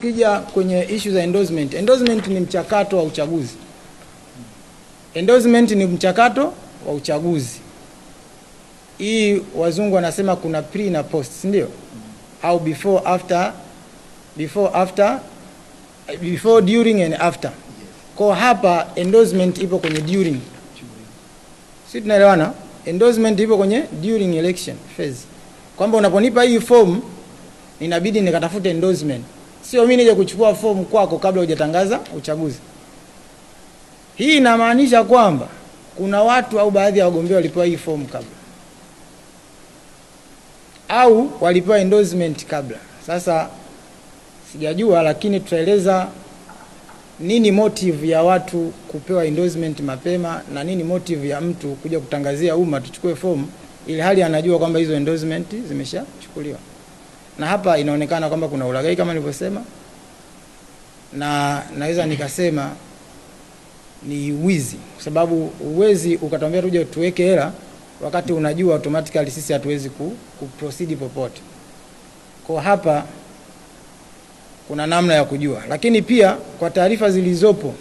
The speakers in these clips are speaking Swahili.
Kija kwenye issue za endorsement. Endorsement ni mchakato wa uchaguzi. Endorsement ni mchakato wa uchaguzi. Hii wazungu wanasema kuna pre na post, si ndio? Au before after, before after, before during and after. Kwa hapa endorsement ipo kwenye during. Si tunaelewana? Endorsement ipo kwenye during election phase. Kwamba unaponipa hii form inabidi nikatafute endorsement sio mimi nije kuchukua fomu kwako kabla hujatangaza uchaguzi. Hii inamaanisha kwamba kuna watu au baadhi ya wagombea walipewa hii fomu kabla au walipewa endorsement kabla. Sasa sijajua, lakini tutaeleza nini motive ya watu kupewa endorsement mapema na nini motive ya mtu kuja kutangazia umma tuchukue fomu, ili hali anajua kwamba hizo endorsement zimeshachukuliwa na hapa inaonekana kwamba kuna ulagai kama nilivyosema, na naweza nikasema ni wizi, kwa sababu uwezi ukatwambia tuje tuweke hela wakati unajua automatically sisi hatuwezi ku, ku proceed popote. Kwa hapa kuna namna ya kujua, lakini pia kwa taarifa zilizopo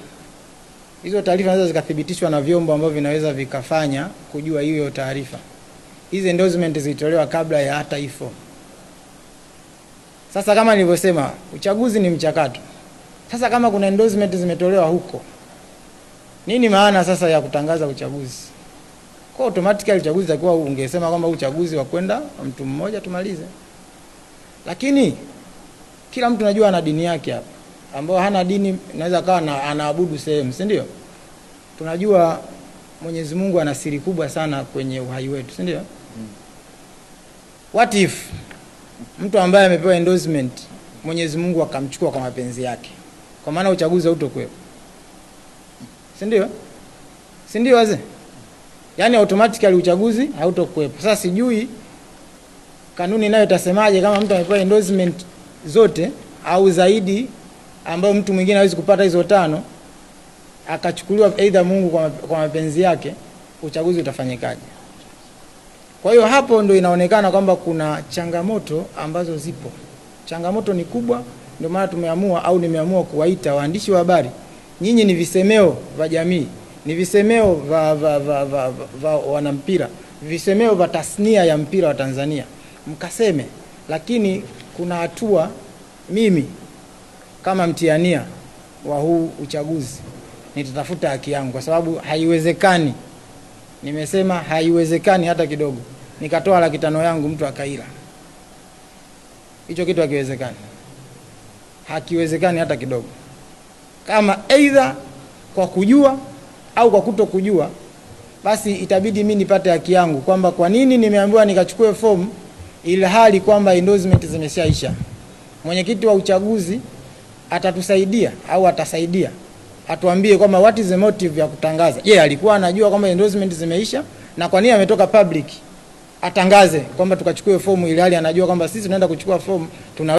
hizo taarifa naweza zikathibitishwa na vyombo ambavyo vinaweza vikafanya kujua hiyo taarifa. Hizi endorsement zilitolewa kabla ya hata hii fomu sasa kama nilivyosema, uchaguzi ni mchakato. Sasa kama kuna endorsement zimetolewa huko, nini maana sasa ya kutangaza uchaguzi? Kwa automatically uchaguzi takiwa ungesema kwamba uchaguzi wa kwenda mtu mmoja tumalize, lakini kila mtu najua ana dini yake hapa, ambao hana dini naweza kawa anaabudu sehemu, si ndio? Tunajua Mwenyezi Mungu ana siri kubwa sana kwenye uhai wetu, si ndio? Mm. What if mtu ambaye amepewa endorsement Mwenyezi Mungu akamchukua kwa mapenzi yake, kwa maana uchaguzi hautokuwepo, si ndio? Si ndio wazee? Yaani automatically uchaguzi hautokuwepo. Sasa sijui kanuni nayo itasemaje kama mtu amepewa endorsement zote au zaidi, ambayo mtu mwingine hawezi kupata hizo tano, akachukuliwa aidha Mungu kwa mapenzi yake, uchaguzi utafanyikaje? Kwa hiyo hapo ndio inaonekana kwamba kuna changamoto ambazo zipo. Changamoto ni kubwa, ndio maana tumeamua au nimeamua kuwaita waandishi wa habari. Nyinyi ni visemeo vya jamii, ni visemeo vya wanampira, visemeo vya tasnia ya mpira wa Tanzania, mkaseme. Lakini kuna hatua, mimi kama mtiania wa huu uchaguzi nitatafuta haki yangu, kwa sababu haiwezekani Nimesema haiwezekani hata kidogo, nikatoa laki tano yangu mtu akaila. Hicho kitu hakiwezekani, hakiwezekani hata kidogo, kama aidha kwa kujua au kwa kuto kujua, basi itabidi mi nipate haki yangu, kwamba kwa nini nimeambiwa nikachukue fomu ilhali kwamba endorsement zimeshaisha. Mwenyekiti wa uchaguzi atatusaidia au atasaidia atuambie kwamba what is the motive ya kutangaza. Je, yeah, alikuwa anajua kwamba endorsement zimeisha na kwa nini ametoka public atangaze kwamba tukachukue fomu, ili hali anajua kwamba sisi tunaenda kuchukua fomu tuna